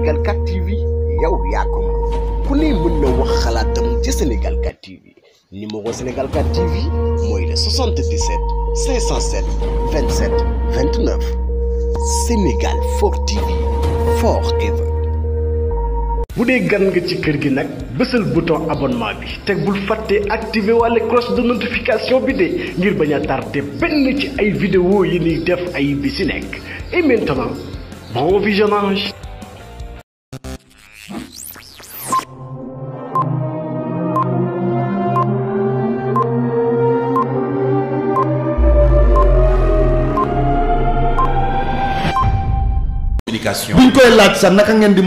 Sénégal 4 TV yow yaa ko ku ne mën na wax xalaatam ci Sénégal 4 TV numéro Sénégal 4 TV moy le 77 507 27 29 Sénégal 4 TV forever. Vous voulez gan nga ci kër gi le bouton abonnement et te bul fàtte la la cloche de notification bi ne ngir tarder. tardé benn ci ay vidéo yi ni def ay et maintenant bon visionnage. communication bu ñu koy ngeen di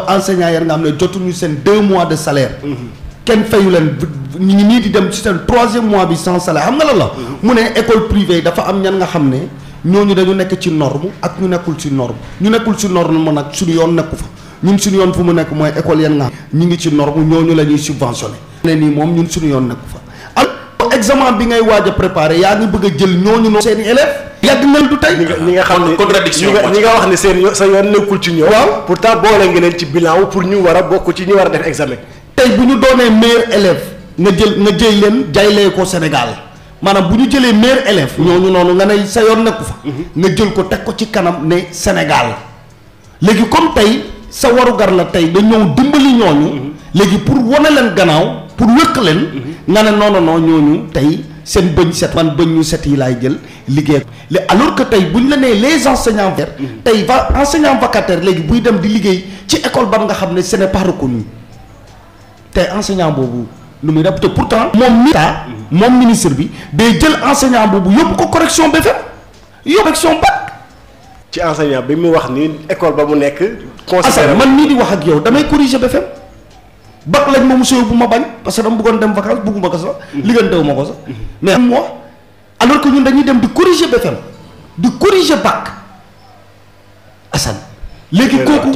a deux mois de salaire mhm. kenn fayu vous Ni di dem ci troisième mois sans salaire xam nga la la mhm. école privée dafa am ñan nga dañu ci norme ak ñu ci norme ñu nekkul ci norme nak suñu yoon nekku fa suñu yoon fu école nga ci norme subventionné ñun suñu yoon examen bi ngay a bëgg jël yàgg na du tey. ñi nga xam ne contradiction ñi nga wax ne seen sa yoon nekkul ci ñoom. waaw pourtant boole nga leen ci bilan pour ñu war a bokk ci ñu war a def examen. tey bu ñu doonee meilleur élève nga jël nga jëy leen jaylee ko Sénégal maanaam bu ñu jëlee meilleur élève ñooñu noonu nga ne sa yoon nekku fa. Mhm. nga jël ko teg ko ci kanam ne Sénégal léegi comme tey sa warugar la tey da ñëw dimbali ñooñu. Mhm. léegi pour wane leen gannaaw pour wëkk leen. Mhm. nga ne non non non ñu tey. sen bagn set man bëñ ñu set yi laay jël alors que tay buñ la né les enseignants verts mhm. tey va enseignant vacataire légui buy dem di liggéey ci école ba nga xamné ne ce n'est pas reconnu tay enseignant bobu nu muy def te pourtant moom mita mhm. moom ministre bi day jël enseignant bobu yóbbu ko correction BFEM yóbbu correction bac ci enseignant bi mu wax ni école ba mu nekk considéré man mii di wax ak yow damay corriger BFEM bak lañ mo monsieur bu ma bañ parce que dama bëggoon dem vacances bëgguma ko sax. Mhm. liggéeyanteewu ma ko sax. Mhm. mais moi alors que ñun dañuy dem di corriger BFM di corriger bak Assane. léegi kooku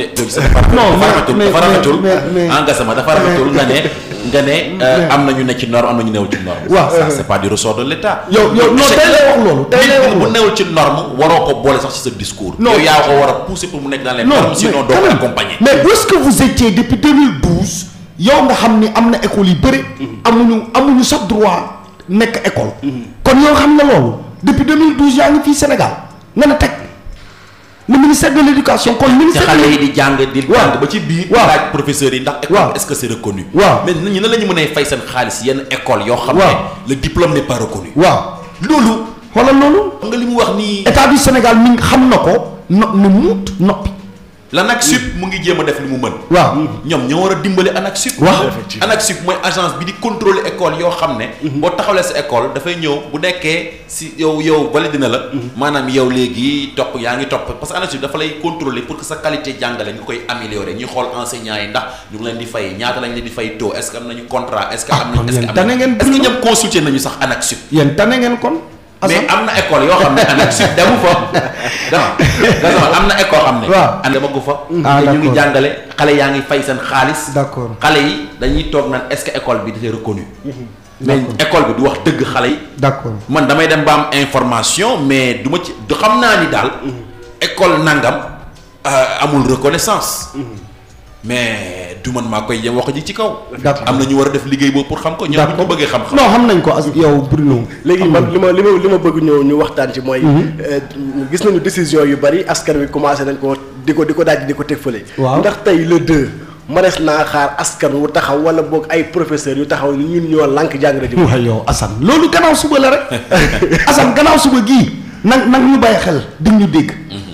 non mais mais mais ah, Gassama dafa rafetul nga ne nga ne euh, am na ñu ne ci norme am na ñu newul ci norme. wa ça c'est pas du ressort de l'État. yow yow non tey lay wax lolu tey lay wax bu newul ci norme waroo ko boole sax ci sa discours. yow yaa ko war pousser pour mu nekk dans les normes sinon do ko accompagner. mais où est-ce que vous étiez depuis 2012 yow nga xamni amna école yi bëri. Mhm. amuñu amuñu sa droit nek école. kon yow xam na loolu depuis 2012 yaa ngi fii Sénégal nga ne teg le ministère de l'éducation kon. ministère xale yi di jang di. waaw ba ci bi waaw laaj professeurs yi ndax. école est ce que c'est reconnu. mais ñun nan la mëne fay sen xaliss yenn école yo xam le diplôme n'est pas reconnu. waaw loolu. xoolal loolu. nga limu wax ni état du Sénégal mi xam nako ko no na muut Anak mu ngi jéem a def li mu mën. waaw ñoom ñoo war a dimbali ANACSUP. waaw ANACSUP mooy agence bi di contrôler école yoo xam ne. Mhm. boo taxawlee sa école dafay ñëw bu nekkee si yow yow valide na la. Mhm. maanaam yow léegi top yaa top. topp parce que ANACSUP dafa lay contrôler pour que sa qualité jàngale nga koy améliorer ñuy xool enseignants yi ndax ñu ngi leen di fay ñaata lañ leen di fay taux est-ce que am nañu contrat est-ce que. am ah, est-ce que am est-ce que ñoom consulter nañu sax ANACSUP. yéen tane ngeen kon mais am école yo xam ne ANACIM demu fa. d'accord am na école xam ne. waaw ànd demagu fa. ah te ñu ngi jàngale xale yaa ngi fay seen xaalis. d'accord xale yi dañuy toog naan est-ce que école bi dafay reconnu. Mhm. mais école bi du wax dëgg xale yi. d'accord man damay dem ba information mais du ma ci du ni daal. Mhm. école nangam euh, amul reconnaissance. Mhm. mais. du man maa koy yem wax ji ci kaw. am na ñu war a def liggéey boobu pour xam ko. ñoom ñu bëggee xam xam. non xam nañ ko as yow Bruno. léegi man li ma li ma li ma bëgg ñëw ñu waxtaan ci mooy. Mhm. Euh, gis nañu décision yu bari askan wi commencé nañ ko di ko di ko daaj di ko teg fële. waaw ndax tey le deux. mënees naa xaar askan wu taxaw wala boog ay professeurs yu taxaw ñun ñoo lànk jàng rajo. waaw yow Assane loolu gannaaw suba la rek Assane gannaaw suba gii nag nag ñu bàyyi xel di ñu dégg. Mhm.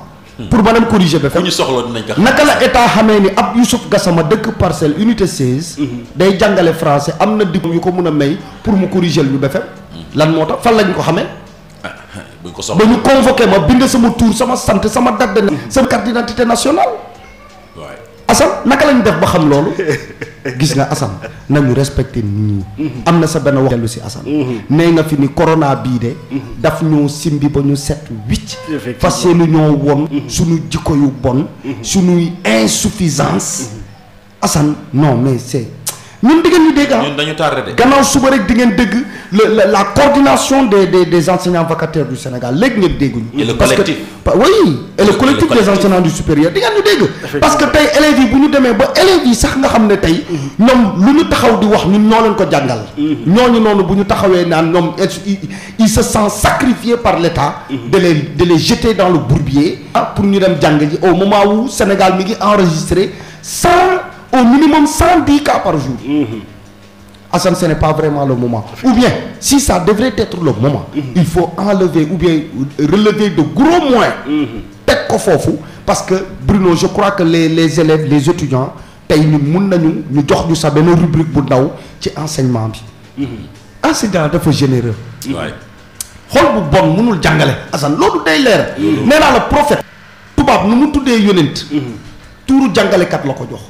pour me corriger le ñu dinañ ko ni ab Youssouf Gassama dëkk parcelle unité 16. Mhm. day jangalé français amna na yu ko mëna may pour mu corriger ñu que mhm. lan fa lañ ko ah, ah, ma sama sama sama date de. Mhm. sama carte d'identité nationale. def ba gis nga Assane nañu respecté nit ñi. sa benn wax avons fini Assane. 7 corona bi de. daf ñu simbi ba ñu set wicc. ñoo won suñu jikko yu bon. Mhm. insuffisance mhm. non mais c'est nous ah. la coordination des enseignants vacataires du Sénégal Et parce que oui et le collectif des enseignants du supérieur parce que les élèves si élèves ils se sentent sacrifiés par l'État mhm. de les jeter dans le bourbier. Ah, pour au moment où le Sénégal est enregistré sans au minimum 110 cas par jour. ça mm-hmm. ce n'est pas vraiment le moment. Ou bien, si ça devrait être le moment, mm-hmm. il faut enlever ou bien relever de gros moins. Tête mm-hmm. Kofofu, parce que Bruno, je crois que les, les élèves, les étudiants, tey nous mun nañu ñu jox ñu sax benn rubrique bu ndaw ci enseignement bi. enseignant dafa généreux. waay xol bu bon munul le Assane ça day leer. Mais là le prophète. tubaab nu mu tuddee yónent. tuuru jàngalekat la ko jox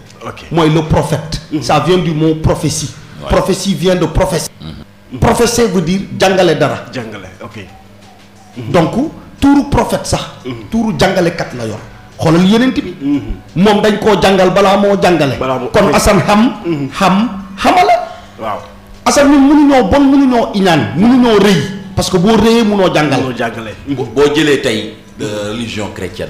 moi le prophète mhm. ça vient du mot prophétie prophétie vient de prophétie mhm. prophétie veut dire Djangale dara Djangale. ok mhm. donc le prophète sax tuuru kat la yor xoolal yenent bi dañ ko bala mo kon asan xam xam xamala asan bon mënuñoo reuy parce que boo rëyee mënoo euh, religion chrétienne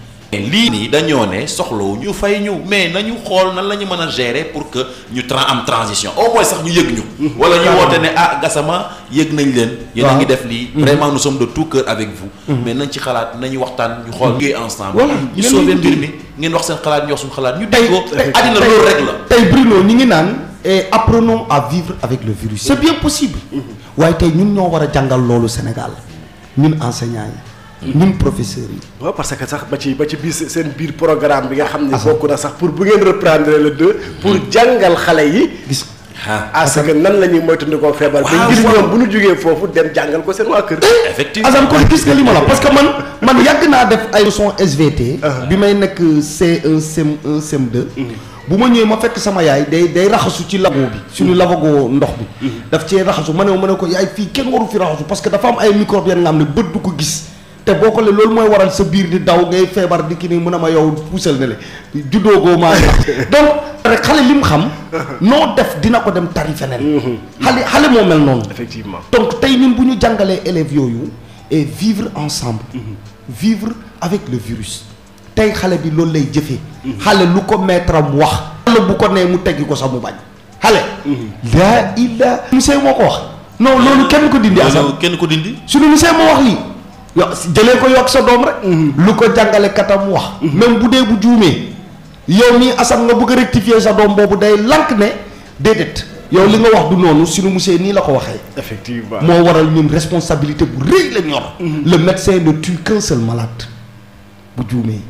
et lii nii dañoo ne soxlawu ñu fay ñu mais nañu xool nan la ñu mën gérer pour que ñu tra am transition au moins sax ñu yëg ñu. Mm-hmm. wala ñu woote ne ah Gassama yëg nañ leen. yéen a ngi def lii. Mm-hmm. vraiment nous sommes de tout cœur avec vous. Mm-hmm. mais nañ ci xalaat nañu waxtaan ñu xool. liggéey ensemble ñu sauver mbir mi ngeen wax seen xalaat ñu wax suñu xalaat ñu. tey tey àddina loolu rek la. tey Bruno ñu ngi naan. et eh, apprenons à vivre avec le virus. c'est bien possible. waaye tey ñun ñoo war a jàngal loolu Sénégal ñun enseignants ñun professeurs yi. waaw parce que sax ba ci ba ci biir sen biir programme bi nga xam ne. Ah. na sax pour bu ngeen reprendre le deux. pour hmm. jangal xalé yi. gis ah parce que nan la ñuy moytandikoo feebar. waaw ngir ñoom bu ñu jógee fofu dem jangal ko sen wa keur eh, effectivement azam ko gis nga li la parce que man man yag na def ay leçon SVT. Ah. bi may nek C1 CM1 CM2. bu ma ñëwee ma fekk sama yaay day day raxasu ci labo bi suñu hmm. labago ndox bi hmm. daf cee raxasu ma ne ma ne ko yaay fii kenn waru fi raxasu parce que dafa am ay microbe yan nga xam ne bët du ko gis te boo xoolee loolu mooy waral sa bir di daw ngay feebar di kini nii yow poussel ne le juddoo goo maa donc rek xale lim xam no def dina ko dem tari feneen mm-hmm. xale xale mo mel non effectivement donc tay ñun buñu jangalé jàngalee élèves yooyu et vivre ensemble mm-hmm. vivre avec le virus tay xale bi lol lay jëfé mm-hmm. xale lu ko maître am wax xale bu ko né mu teggi ko sa mu bañ xale la illa monsieur moo ko wax non lolou kenn ko dindi asal kenn ko dindi suñu monsieur mo wax li yo jëlee ko yokk sa doom rek. Mhm. lu ko jàngale katam wax. Mhm. même bu dee bu juumee yow nii asam nga bëgg a rectifier sa doom boobu day lank ne déedéet. yow li nga wax du noonu sunu monsieur nii la ko waxee. effectivement moo waral ñun responsabilité bu rëy la ñor. Mhm. le médecin ne tue qu'un seul malade bu juumee.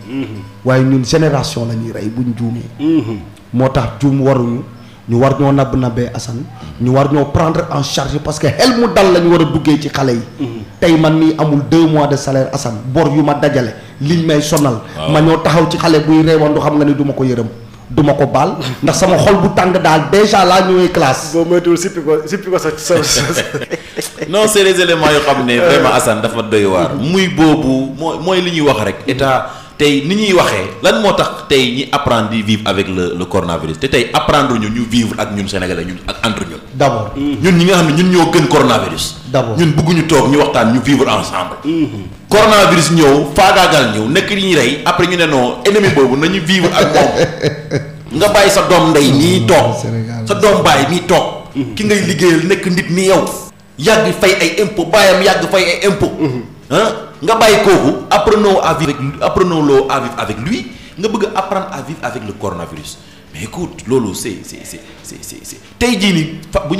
waaye ñun génération la ñuy rey buñ juumee. moo tax juum waruñu. nous war ñoo nab ñu war ñoo prendre en charge parce que xel mu dal nous wara duggé ci xalé mhm. deux mois de salaire Assane bor yu ma dajalé liñ may sonal ma ñoo taxaw ci xam nga ni du ko du ko ndax sama xol bu déjà la classe. No, c'est les éléments vraiment dafa doy mhm. muy wax rek état tey ni ñuy waxee lan moo tax tey ñi apprendre di vivre avec le le coronavirus te tey apprendre ñu ñu vivre ak ñun sénégalais ñun ak entre ñun. d' abord mmh. ñun ñi nga xam ne ñun ñoo gën coronavirus. d' abord ñun bëgguñu toog ñu waxtaan ñu vivre ensemble. Mmh. coronavirus ñëw faagaagal ñëw nekk li ñuy rey après ñu ne non ennemi boobu nañu vivre ak moom nga bàyyi sa doom ndey mii mmh. toog sa doom bàyyi mii toog. ki ngay liggéeyal nekk nit ni yow. yàgg fay ay impôt bàyyam yàgg fay ay impôt. Hein? nga bàyyi kooku apprenons à vivre avec apprenons le à vivre avec lui nga bëgg apprendre à vivre avec le coronavirus mais écoute Lolo, c'est c'est c'est c'est c'est tey jii ni